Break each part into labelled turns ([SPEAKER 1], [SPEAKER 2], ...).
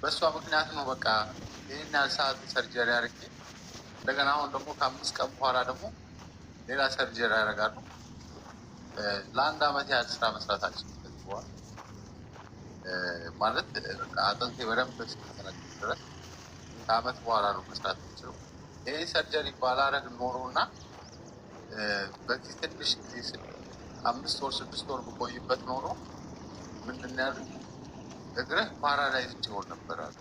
[SPEAKER 1] በእሷ ምክንያት ነው በቃ ይህን ያህል ሰዓት ሰርጀሪ አድርጌ እንደገና አሁን ደግሞ ከአምስት ቀን በኋላ ደግሞ ሌላ ሰርጀሪ ያደርጋሉ። ለአንድ አመት ያህል ስራ መስራታችን ተዝበዋል። ማለት አጥንቴ በደንብ እስከተነቀለ ድረስ ከአመት በኋላ ነው መስራት የምችለው። ይህ ሰርጀሪ ባላረግ ኖሮ እና በዚህ ትንሽ ጊዜ አምስት ወር ስድስት ወር ብቆይበት ኖሮ ምንድን እግርህ ፓራላይዝ ነበር አሉ።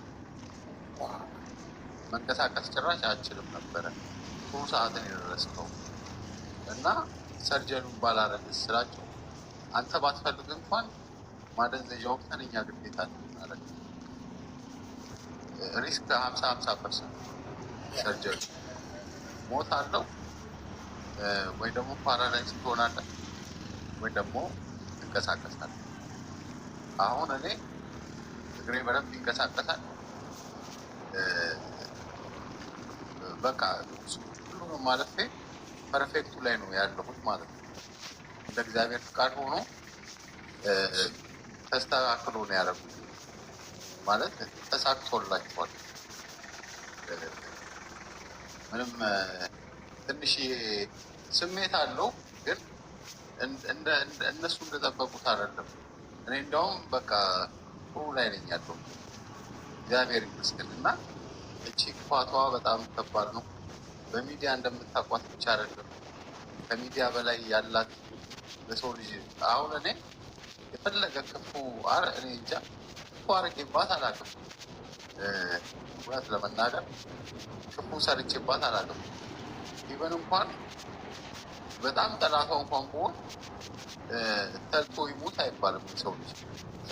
[SPEAKER 1] መንቀሳቀስ ጭራሽ አችልም ነበረ። ጥሩ ሰዓትን የደረስከው እና ሰርጀኑን ባላረግ ስላቸው አንተ ባትፈልግ እንኳን ማደንዘዣ ወቅተን እኛ ግዴታ ማለት ሪስክ ሀምሳ ሀምሳ ፐርሰንት ሰርጀሪ ሞት አለው ወይ ደግሞ ፓራላይዝ ትሆናለህ ወይ ደግሞ ትንቀሳቀሳለህ። አሁን እኔ ትግራይ በደንብ ይንቀሳቀሳል። በቃ ሁሉንም ማለት ፐርፌክቱ ላይ ነው ያለሁት ማለት ነው። እንደ እግዚአብሔር ፍቃድ ሆኖ ተስተካክሎ ነው ያደረጉ ማለት ተሳክቶላቸዋል። ምንም ትንሽ ስሜት አለው ግን እነሱ እንደጠበቁት አይደለም። እኔ እንደውም በቃ ጥሩ ላይ ነኝ ያለው እግዚአብሔር ይመስገን። እና እቺ ክፋቷ በጣም ከባድ ነው። በሚዲያ እንደምታቋት ብቻ አይደለም ከሚዲያ በላይ ያላት ለሰው ልጅ አሁን እኔ የፈለገ ክፉ እኔ እንጃ ክፉ አርጌባት አላውቅም። እውነት ለመናገር ክፉ ሰርቼባት አላውቅም። ኢቨን እንኳን በጣም ጠላቷ እንኳን ብሆን ተልቶ ይሙት አይባልም ሰው ልጅ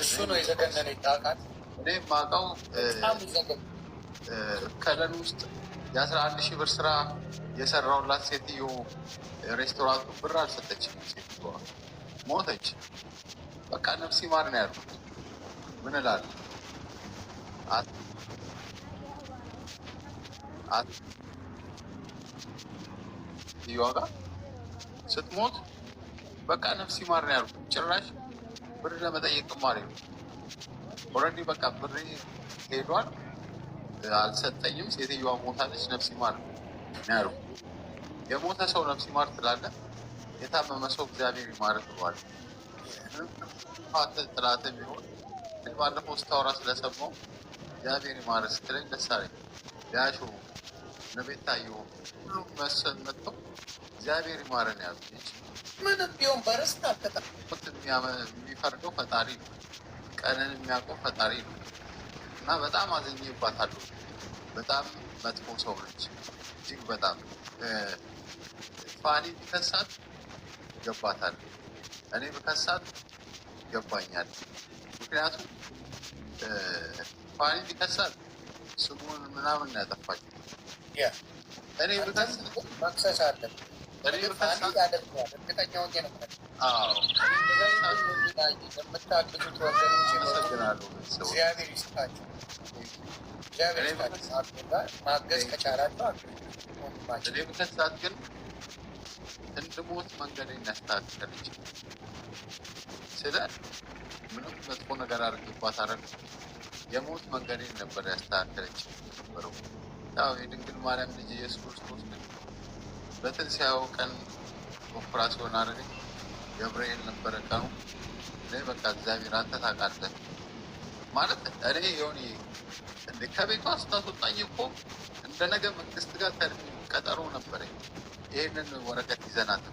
[SPEAKER 2] እሱ ነው የዘገነነ ይታወቃል።
[SPEAKER 1] እኔ ውስጥ የአስራ አንድ ሺህ ብር ስራ የሰራውላት ሴትዮ ሬስቶራንቱ ብር አልሰጠችም። ሞተች። በቃ ነፍሲ ማር ነው ያሉት። ምን እላለሁ? ስትሞት በቃ ነፍሲ ማር ነው ያሉት ጭራሽ ብር ለመጠየቅም አሪፍ ነው። ኦልሬዲ በቃ ብር ሄዷል፣ አልሰጠኝም። ሴትዮዋ ሞታለች፣ ነፍስ ይማር ነው ያሉ። የሞተ ሰው ነፍስ ይማር ትላለ፣ የታመመ ሰው እግዚአብሔር ይማር ትሏል። ጥላት ቢሆን ግን ባለፈው ስታወራ ስለሰማው እግዚአብሔር ይማር ስትለኝ ደስ አለኝ። ያሹ ለቤታየ ሁሉም መሰል መጥተው እግዚአብሔር ይማረን ያሉ
[SPEAKER 2] ምንም ቢሆን በርስት አልተጠ
[SPEAKER 1] የሚፈርደው ፈጣሪ ነው። ቀንን የሚያውቀው ፈጣሪ ነው እና በጣም አዝኜባታለሁ። በጣም መጥፎ ሰው ነች። እጅግ በጣም ፋኒ ቢከሳት ይገባታል፣ እኔ ብከሳት ይገባኛል። ምክንያቱም ፋኒ ቢከሳት ስሙን ምናምን ያጠፋች እኔ
[SPEAKER 2] ብከሳት እኔ ብከሳት እግዚአብሔር ይስጣችሁ። ማገዝ ከቻላችሁ
[SPEAKER 1] በእምነት ሰዓት ግን እንድሞት መንገድ እናስተካክላለች። ስለ ምንም መጥፎ ነገር አድርግባት አረግ የሞት መንገድ ነበር ያስተካከለች ነበረው። ያው የድንግል ማርያም ልጅ ኢየሱስ ክርስቶስ ግን በትንሣኤው ቀን ኦፕራሲዮን አደረገች። ገብርኤል ነበረ ቀኑ ላይ በቃ እግዚአብሔር አንተ ታውቃለህ ማለት እኔ የሆነ እንደ ከቤቷ ስታስወጣኝ እኮ እንደ ነገ መንግስት ጋር ቀጠሮ ነበረ። ይህንን ወረቀት ይዘናት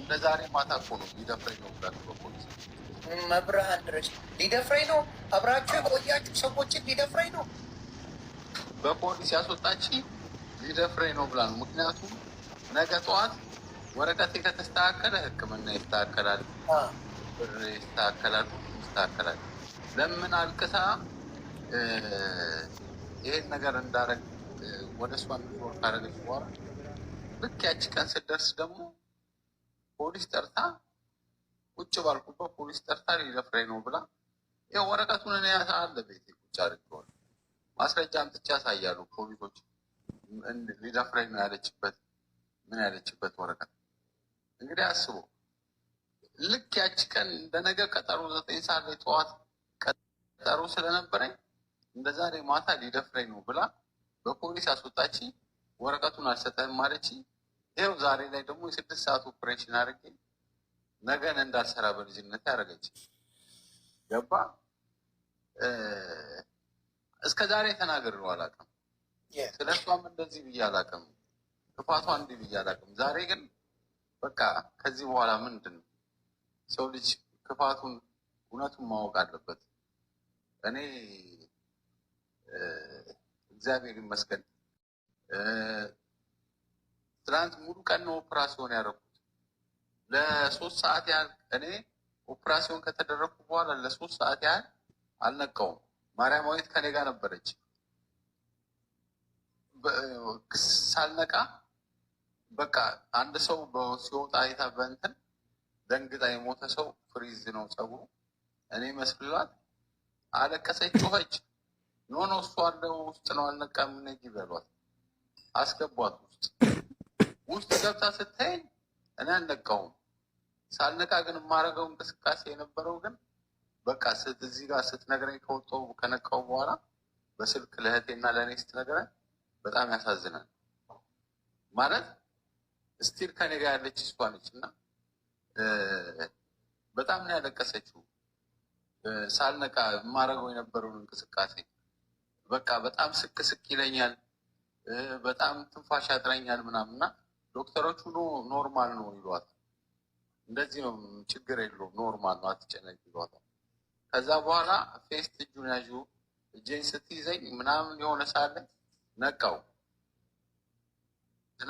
[SPEAKER 1] እንደ ዛሬ ማታ እኮ ነው ሊደፍረኝ ነው ብላችሁ በፖሊስ
[SPEAKER 2] መብርሃን ድረስ ሊደፍረኝ ነው አብራችሁ የቆያችሁ ሰዎችን ሊደፍረኝ ነው
[SPEAKER 1] በፖሊስ ያስወጣች ሊደፍረኝ ነው ብላ ነው። ምክንያቱም ነገ ጠዋት ወረቀት ከተስተካከለ ህክምና ይስተካከላል፣ ብር ይስተካከላል፣ ይስተካከላል። ለምን አልቅሳ ይሄን ነገር እንዳረግ ወደ እሷ እንዲኖር ካደረገች በኋላ ልክ ያቺ ቀን ስደርስ ደግሞ ፖሊስ ጠርታ ቁጭ ባልኩበት ፖሊስ ጠርታ ሊደፍረኝ ነው ብላ ይኸው ወረቀቱን እኔ ያሳለ ቤት ቁጭ አድርገዋል። ማስረጃ አምጥቼ ያሳያሉ ፖሊሶች ሊደፍረኝ ነው ያለችበት ምን ያለችበት ወረቀት እንግዲህ አስቡ። ልክ ያች ቀን እንደነገ ቀጠሮ ዘጠኝ ሰዓት ላይ ጠዋት ቀጠሮ ስለነበረኝ እንደ ዛሬ ማታ ሊደፍረኝ ነው ብላ በፖሊስ አስወጣች። ወረቀቱን አልሰጠህም ማለች። ይኸው ዛሬ ላይ ደግሞ የስድስት ሰዓት ኦፕሬሽን አድርጌ ነገን እንዳልሰራ በልጅነት ያደረገች ገባ። እስከ ዛሬ ተናግሬው አላውቅም። ስለ እሷም እንደዚህ ብዬ አላውቅም። ጥፋቷ እንዲህ ብዬ አላውቅም። ዛሬ ግን በቃ ከዚህ በኋላ ምንድን ነው ሰው ልጅ ክፋቱን እውነቱን ማወቅ አለበት። እኔ እግዚአብሔር ይመስገን ትናንት ሙሉ ቀን ነው ኦፕራሲዮን ያደረኩት። ለሶስት ሰዓት ያህል እኔ ኦፕራሲዮን ከተደረግኩ በኋላ ለሶስት ሰዓት ያህል አልነቃውም። ማርያማዊት ከኔ ጋር ነበረች ሳልነቃ በቃ አንድ ሰው ሲወጣ አይታ በእንትን ደንግጣ የሞተ ሰው ፍሪዝ ነው ፀጉሩ እኔ መስልላት አለቀሰች፣ ጮኸች። ኖኖ እሱ አለው ውስጥ ነው አልነቃም፣ ነጊ በሏት፣ አስገቧት ውስጥ። ውስጥ ገብታ ስታየኝ እኔ አልነቃውም። ሳልነቃ ግን የማደርገው እንቅስቃሴ የነበረው ግን በቃ እዚህ ጋር ስትነግረኝ ከወጣሁ ከነቃው በኋላ በስልክ ለእህቴና ለእኔ ስትነግረኝ በጣም ያሳዝናል ማለት ስቲል ከኔ ጋር ያለች እሷ ነች እና በጣም ነው ያለቀሰችው። ሳልነቃ የማደርገው የነበረውን እንቅስቃሴ በቃ በጣም ስቅ ስቅ ይለኛል፣ በጣም ትንፋሽ ያጥረኛል ምናምን እና ዶክተሮቹ ኖርማል ነው ይሏታል። እንደዚህ ነው ችግር የለውም ኖርማል ነው አትጨነቅ ይሏታል። ከዛ በኋላ ፌስት እጁን ያዡ እጄን ስትይዘኝ ምናምን የሆነ ሳለ ነቃው።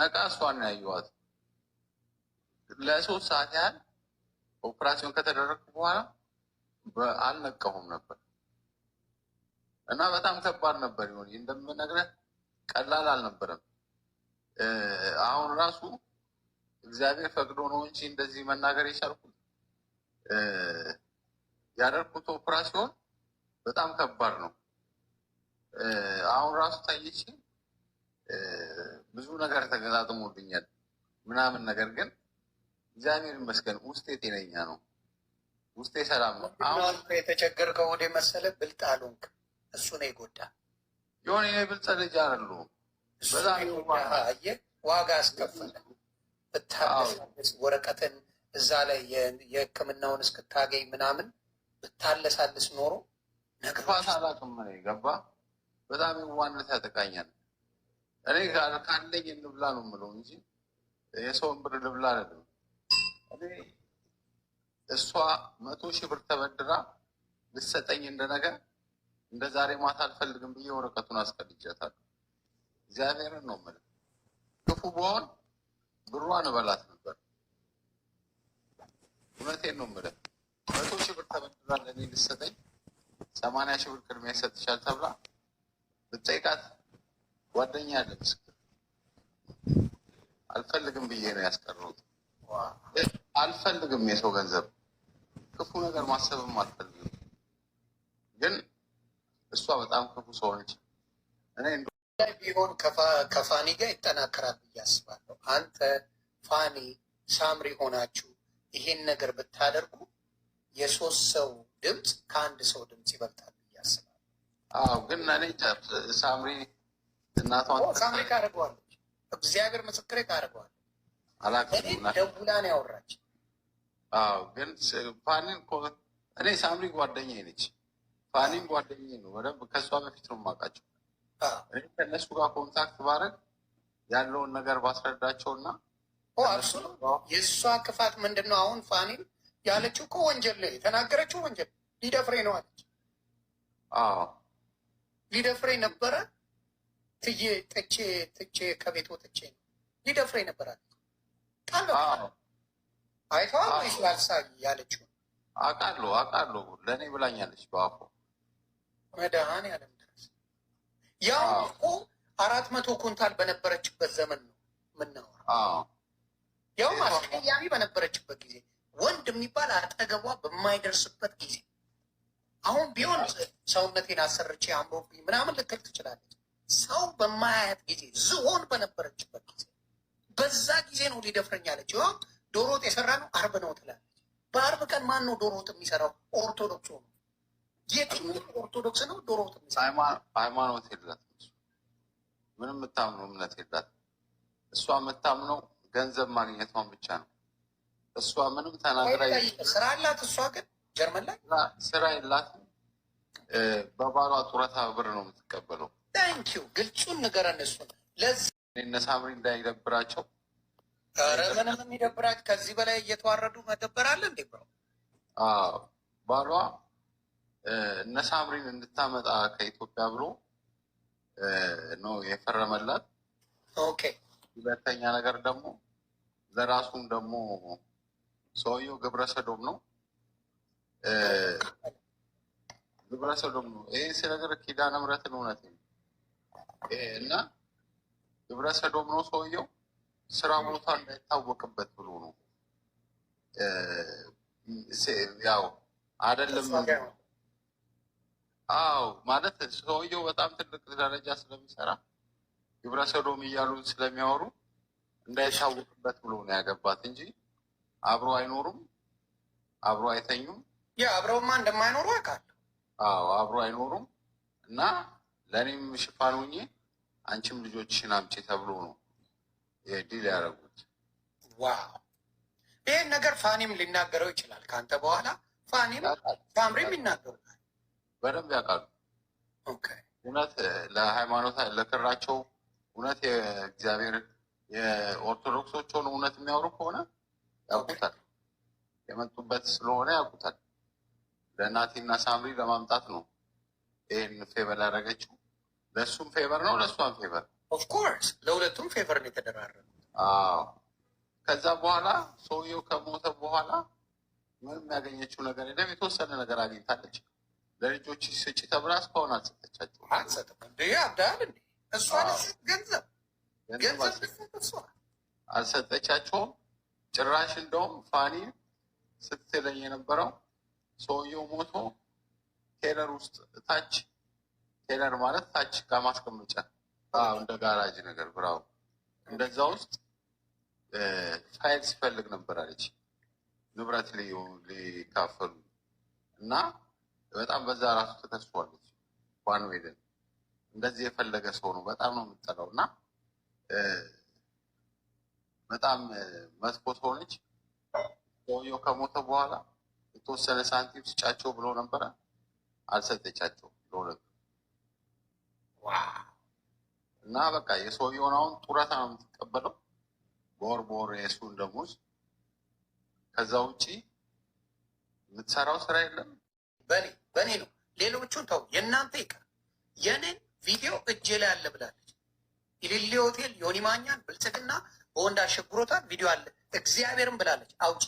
[SPEAKER 1] ነቃ እሷን ያየዋት ለሶስት ሰዓት ያህል ኦፕራሲዮን ከተደረግኩ በኋላ አልነቃሁም ነበር እና በጣም ከባድ ነበር። ይሆን እንደምነግረህ ቀላል አልነበረም። አሁን ራሱ እግዚአብሔር ፈቅዶ ነው እንጂ እንደዚህ መናገር የቻልኩት ያደርኩት ኦፕራሲዮን በጣም ከባድ ነው። አሁን ራሱ ታየች ብዙ ነገር ተገጣጥሞልኛል ምናምን ነገር ግን እግዚአብሔር ይመስገን ውስጤ ጤነኛ ነው። ውስጤ ሰላም ነው።
[SPEAKER 2] አሁን የተቸገርከው ወደ መሰለ ብልጥ አልሆንክ። እሱ ነው የጎዳ
[SPEAKER 1] የሆነ ይሄ ብልጥ ልጅ አሉ በጣም
[SPEAKER 2] አየህ፣ ዋጋ አስከፈለ። ብታለሳለስ ወረቀትን እዛ ላይ የህክምናውን እስክታገኝ ምናምን ብታለሳልስ ኖሮ
[SPEAKER 1] ነግፋት አላቅም እኔ ገባ በጣም የዋነት ያጠቃኛል። እኔ ካለኝ እንብላ ነው የምለው እንጂ የሰውን ብር ልብላ አይደለም። እሷ መቶ ሺህ ብር ተበድራ ልሰጠኝ እንደነገር እንደ ዛሬ ማታ አልፈልግም ብዬ ወረቀቱን አስቀድጃታለሁ። እግዚአብሔርን ነው የምልህ። ክፉ በሆን ብሯን እበላት ነበር። እውነቴን ነው የምልህ። መቶ ሺህ ብር ተበድራ ለእኔ ልሰጠኝ ሰማንያ ሺህ ብር ቅድሚያ ይሰጥሻል ተብላ ብጠይቃት ጓደኛ ያለ ምስክር አልፈልግም ብዬ ነው ያስቀረሁት። አልፈልግም የሰው ገንዘብ ክፉ ነገር ማሰብም አልፈልግም። ግን እሷ በጣም ክፉ ሰው ነች።
[SPEAKER 2] እኔ ቢሆን ከፋኒ ጋር ይጠናከራል ብዬ አስባለሁ። አንተ ፋኒ፣ ሳምሪ ሆናችሁ ይሄን ነገር ብታደርጉ የሶስት ሰው ድምፅ ከአንድ ሰው ድምፅ ይበልጣል
[SPEAKER 1] ብዬ አስባለሁ። አዎ፣ ግን እኔ ሳምሪ
[SPEAKER 2] እናቷን ሳምሪ ካደርገዋለች እግዚአብሔር ምስክሬ ካደርገዋለች ደውላ ያወራች።
[SPEAKER 1] እኔ ሳምሪ ጓደኛ ነች። ፋኒን ጓደኛ ነው፣ በደንብ ከእሷ በፊት ነው የማውቃቸው። እኔ ከእነሱ ጋር ኮንታክት ባረግ ያለውን ነገር ባስረዳቸውና
[SPEAKER 2] እሱ የእሷ ክፋት ምንድን ነው? አሁን ፋኒን ያለችው እኮ ወንጀል የተናገረችው ወንጀል ሊደፍሬ ነው አለች። ሊደፍሬ ነበረ ትዬ ጥቼ ትቼ ከቤት ወጥቼ ነው ሊደፍሬ ነበረ አለች። አይቷ ወይስ ባልሳቢ ያለችው
[SPEAKER 1] ለእኔ ብላኛለች። በአፎ ድረስ
[SPEAKER 2] ያው እኮ አራት መቶ ኩንታል በነበረችበት ዘመን ነው የምናወራው። ያውም አስቀያሚ በነበረችበት ጊዜ ወንድ የሚባል አጠገቧ በማይደርስበት ጊዜ አሁን ቢሆን ሰውነቴን አሰርቼ አምሮብኝ ምናምን ልትል ትችላለች። ሰው በማያያት ጊዜ ዝሆን በነበረችበት ጊዜ በዛ ጊዜ ነው ሊደፍረኝ አለች። ይኸው ዶሮ ወጥ የሰራ ነው አርብ ነው ትላለች። በአርብ ቀን ማን ነው ዶሮ ወጥ የሚሰራው? ኦርቶዶክስ ነው። የትኛው ኦርቶዶክስ ነው ዶሮ ወጥ
[SPEAKER 1] የሚሰራው? ሃይማኖት የላት ምንም የምታምነው እምነት የላት። እሷ የምታምነው ገንዘብ ማግኘቷን ብቻ ነው። እሷ ምንም ተናግራ
[SPEAKER 2] ስራ አላት። እሷ ግን ጀርመን ላይ
[SPEAKER 1] ስራ የላትም። በባሏ ጡረታ ብር ነው የምትቀበለው።
[SPEAKER 2] ታንኪዩ ግልጹን ንገረን እሱ
[SPEAKER 1] እነ ሳምሪ እንዳይደብራቸው።
[SPEAKER 2] ኧረ ምንም የሚደብራቸው ከዚህ በላይ እየተዋረዱ መደበር አለ እንዴ? ብለው
[SPEAKER 1] ባሏ እነ ሳምሪን እንድታመጣ ከኢትዮጵያ ብሎ ነው የፈረመላት። ኦኬ። ሁለተኛ ነገር ደግሞ ለራሱም ደግሞ ሰውየው ግብረ ሰዶም ነው፣ ግብረ ሰዶም ነው። ይህን ስነግር ኪዳነ ምሕረትን እውነት ነው እና ግብረ ሰዶም ነው ሰውየው። ስራ ቦታ እንዳይታወቅበት ብሎ ነው ያው አይደለም። አው ማለት ሰውየው በጣም ትልቅ ደረጃ ስለሚሰራ ግብረ ሰዶም እያሉ ስለሚያወሩ እንዳይታወቅበት ብሎ ነው ያገባት እንጂ አብሮ አይኖሩም፣ አብሮ አይተኙም።
[SPEAKER 2] ያ አብረውማ እንደማይኖሩ አውቃለሁ።
[SPEAKER 1] አዎ አብሮ አይኖሩም እና ለእኔም ሽፋን ሆኜ አንቺም ልጆችሽን አምጪ ተብሎ ነው ዲል ያደረጉት።
[SPEAKER 2] ዋው ይህን ነገር ፋኒም ሊናገረው ይችላል። ከአንተ በኋላ ፋኒም ሳምሪም ይናገሩታል።
[SPEAKER 1] በደንብ ያውቃሉ። እውነት ለሃይማኖት ለክራቸው እውነት የእግዚአብሔር ሆነ እውነት የሚያወሩ ከሆነ ያውቁታል። የመጡበት ስለሆነ ያውቁታል። ለእናቴና ሳምሪ ለማምጣት ነው ይህን ፌበል ያደረገችው። ለእሱም ፌቨር ነው ለእሷም ፌቨር
[SPEAKER 2] ኦፍኮርስ፣ ለሁለቱም ፌቨር ነው የተደራረጉ።
[SPEAKER 1] ከዛ በኋላ ሰውየው ከሞተ በኋላ ምንም ያገኘችው ነገር የለም። የተወሰነ ነገር አግኝታለች። ለልጆች ስጭ ተብላ እስካሁን አልሰጠቻቸው።
[SPEAKER 2] አልሰጠም። እሷ ገንዘብ ገንዘብ
[SPEAKER 1] አልሰጠቻቸውም። ጭራሽ እንደውም ፋኒ ስትለኝ የነበረው ሰውየው ሞቶ ቴለር ውስጥ እታች ቴለር ማለት ታች ከማስቀመጫ ማስቀመጫ እንደ ጋራጅ ነገር ብራው እንደዛ ውስጥ ፋይል ሲፈልግ ነበር አለች ንብረት ሊካፈሉ እና በጣም በዛ ራሱ ተከስፏለች። ዋን ዌይደን እንደዚህ የፈለገ ሰው ነው በጣም ነው የምጠላው እና በጣም መጥፎ ሰው ነች። ሰውየው ከሞተ በኋላ የተወሰነ ሳንቲም ስጫቸው ብሎ ነበረ አልሰጠቻቸው ለሁለቱ እና በቃ የሰው የሆነውን ጡረታ ነው የምትቀበለው፣ በወር በወር የሱን ደሞዝ። ከዛ ውጪ የምትሰራው ስራ የለም።
[SPEAKER 2] በኔ በኔ ነው። ሌሎቹን ተው፣ የእናንተ ይቀር። የኔን ቪዲዮ እጄ ላይ አለ ብላለች። ኢሊሌ ሆቴል ዮኒ ማኛን ብልጽግና በወንድ አሸጉሮታል ቪዲዮ አለ እግዚአብሔርን ብላለች። አውጪ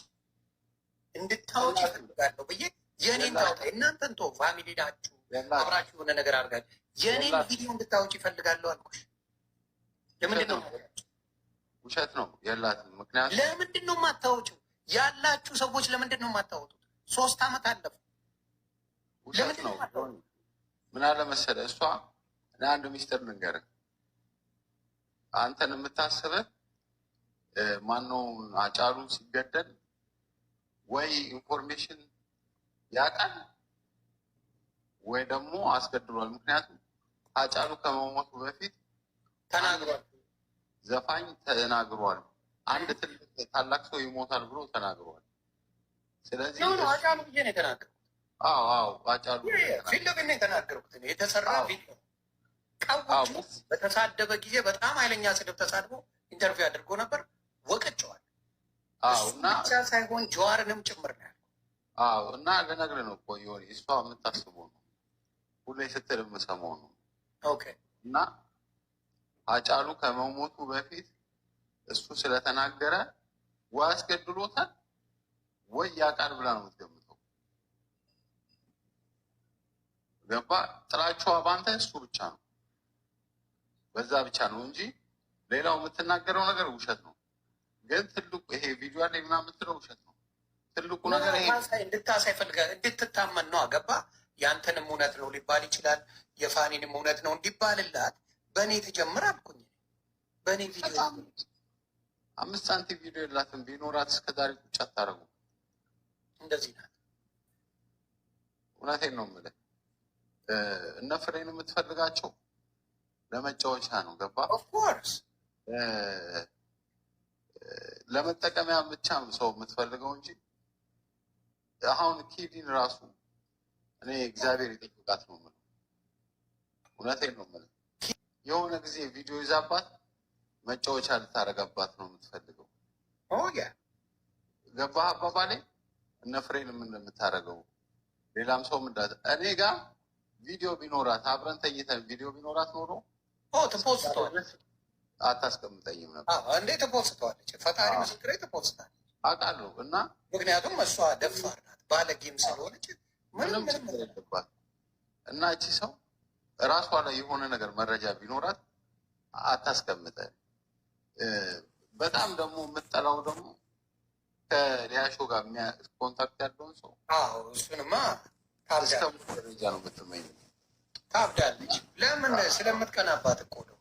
[SPEAKER 2] እንድታወጪ እፈልጋለሁ ብዬ የኔን ታወጣ። የእናንተን ተው፣ ፋሚሊ ናችሁ አብራችሁ የሆነ ነገር አድርጋችሁ የእኔን ቪዲዮ እንድታወጪ ይፈልጋለሁ አልኩሽ። ለምንድን ነው
[SPEAKER 1] ውሸት ነው የላትም።
[SPEAKER 2] ምክንያቱ ለምንድን ነው የማታወጪው? ያላችሁ ሰዎች ለምንድን ነው የማታወጡት? ሶስት አመት አለፉ።
[SPEAKER 1] ውሸት ነው ምን አለ መሰለ እሷ አንዱ ሚስጥር ልንገርህ፣ አንተን የምታስብህ ማነው አጫሉ ሲገደል ወይ ኢንፎርሜሽን ያውቃል ወይ ደግሞ አስገድሏል። ምክንያቱም ሀጫሉ ከመሞቱ በፊት ተናግሯል፣ ዘፋኝ ተናግሯል። አንድ ትልቅ ታላቅ ሰው ይሞታል ብሎ ተናግሯል።
[SPEAKER 2] ስለዚህ ሀጫሉ ብዬ ነው የተናገርኩት። አዎ አዎ፣ ሀጫሉ ፊት ለፊት ነው የተናገርኩት። የተሰራ ፊት ነው። በተሳደበ ጊዜ በጣም ኃይለኛ ስድብ ተሳድቦ ኢንተርቪው አድርጎ ነበር። ወቅጨዋል። እና ብቻ ሳይሆን ጀዋርንም ጭምር ነው
[SPEAKER 1] ያለው እና ልነግርህ ነው እኮ የሆነ እሷ የምታስቡ ነው ሁሌ ስትል የምሰማው ነው እና አጫሉ ከመሞቱ በፊት እሱ ስለተናገረ ወይ አስገድሎታል ወይ ያውቃል ብላ ነው የምትገምተው። ገባ ጥላቸዋ አባንተ እሱ ብቻ ነው በዛ ብቻ ነው እንጂ ሌላው የምትናገረው ነገር ውሸት ነው። ግን ትልቁ ይሄ ቪዲዮ ላይ ምናምን የምትለው ውሸት ነው። ትልቁ ነገር ይሄ
[SPEAKER 2] እንድታሳይ ፈልገህ እንድትታመን ነው። አገባ ያንተንም እውነት ነው ሊባል ይችላል። የፋኒንም እውነት ነው እንዲባልላት በእኔ ትጀምር አልኩኝ። በእኔ ቪዲዮ
[SPEAKER 1] አምስት ሳንቲም ቪዲዮ የላትም። ቢኖራት እስከዛሬ ቁጭ አታደርጉ። እንደዚህ ናት። እውነቴን ነው የምልህ። እነ ፍሬን የምትፈልጋቸው ለመጫወቻ ነው።
[SPEAKER 2] ገባ ኦፍኮርስ
[SPEAKER 1] ለመጠቀሚያ ብቻ ሰው የምትፈልገው እንጂ አሁን ኪዲን ራሱ እኔ እግዚአብሔር የጠብቃት ነው የምልህ፣ እውነቴን ነው የምልህ። የሆነ ጊዜ ቪዲዮ ይዛባት መጫወቻ ልታረጋባት ነው የምትፈልገው። ገባህ አባባሌ? እነ ፍሬን ምን እንደምታረገው ሌላም ሰው ምዳት እኔ ጋር ቪዲዮ ቢኖራት አብረን ተኝተን ቪዲዮ ቢኖራት ኖሮ
[SPEAKER 2] ትፖስተዋለች፣
[SPEAKER 1] አታስቀምጠኝም
[SPEAKER 2] ነበር እንዴ? ትፖስተዋለች። ፈጣሪ ምስክሬ ትፖስታለች፣
[SPEAKER 1] አውቃለሁ። እና
[SPEAKER 2] ምክንያቱም እሷ ደፋር ናት፣ ባለጌም ስለሆነች
[SPEAKER 1] ምንም ችግር የለባት እና እቺ ሰው ራሷ ላይ የሆነ ነገር መረጃ ቢኖራት አታስቀምጠ። በጣም ደግሞ የምጠላው ደግሞ ከሊያሾ ጋር ኮንታክት ያለውን
[SPEAKER 2] ሰው እሱንማ
[SPEAKER 1] ካስተሙ መረጃ ነው የምትመኝ። ታብዳለች። ለምን ስለምትቀናባት እኮ ነው